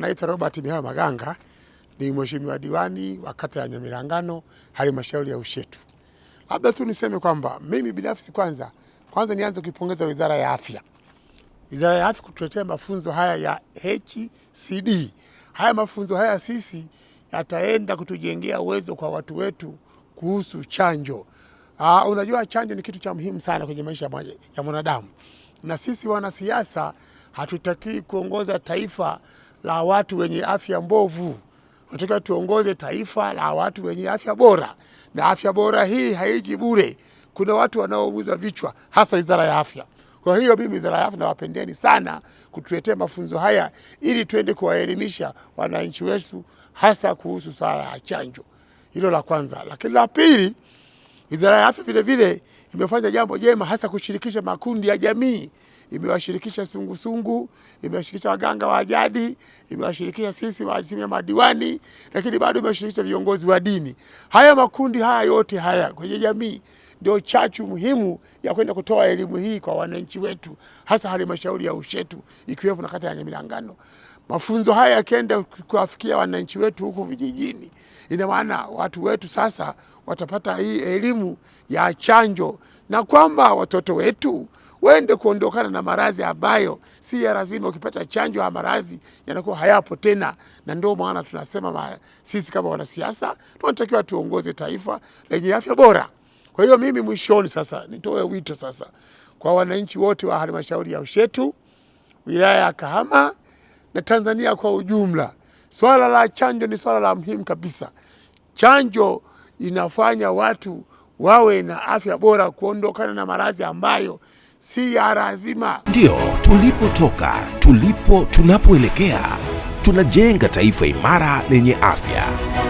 Naitwa Robert Mihayo Maganga, ni mheshimiwa diwani wa kata ya Nyamilangano, halmashauri ya Ushetu. Labda tu niseme kwamba mimi binafsi kwanza kwanza nianze kuipongeza wizara ya afya, wizara ya afya kutuletea mafunzo haya ya HCD. Haya mafunzo haya sisi yataenda kutujengea uwezo kwa watu wetu kuhusu chanjo. Aa, ah, unajua chanjo ni kitu cha muhimu sana kwenye maisha ya mwanadamu, na sisi wanasiasa hatutakii kuongoza taifa la watu wenye afya mbovu. Tunatakiwa tuongoze taifa la watu wenye afya bora, na afya bora hii haiji bure. Kuna watu wanaouza vichwa, hasa wizara ya afya. Kwa hiyo mimi wizara ya afya nawapendeni sana kutuletea mafunzo haya, ili tuende kuwaelimisha wananchi wetu, hasa kuhusu swala ya chanjo. Hilo la kwanza, lakini la pili Wizara ya Afya vile vile imefanya jambo jema, hasa kushirikisha makundi ya jamii. Imewashirikisha sungusungu, imewashirikisha waganga wa jadi, imewashirikisha sisi ya madiwani, lakini bado imewashirikisha viongozi wa dini. Haya makundi haya yote haya kwenye jamii ndio chachu muhimu ya kwenda kutoa elimu hii kwa wananchi wetu, hasa halmashauri ya Ushetu ikiwepo na kata ya Nyamilangano. Mafunzo haya yakienda kuwafikia wananchi wetu huku vijijini, ina maana watu wetu sasa watapata hii elimu ya chanjo na kwamba watoto wetu waende kuondokana na maradhi ambayo si ya lazima. Ukipata chanjo ya maradhi yanakuwa hayapo tena, na ndio maana tunasema ma, sisi kama wanasiasa tunatakiwa tuongoze taifa lenye afya bora. Kwa hiyo mimi mwishoni sasa nitoe wito sasa kwa wananchi wote wa halmashauri ya Ushetu, wilaya ya Kahama na Tanzania kwa ujumla, swala la chanjo ni swala la muhimu kabisa. Chanjo inafanya watu wawe na afya bora, kuondokana na maradhi ambayo si ya lazima. Ndio tulipotoka, tulipo, tunapoelekea, tunajenga taifa imara lenye afya.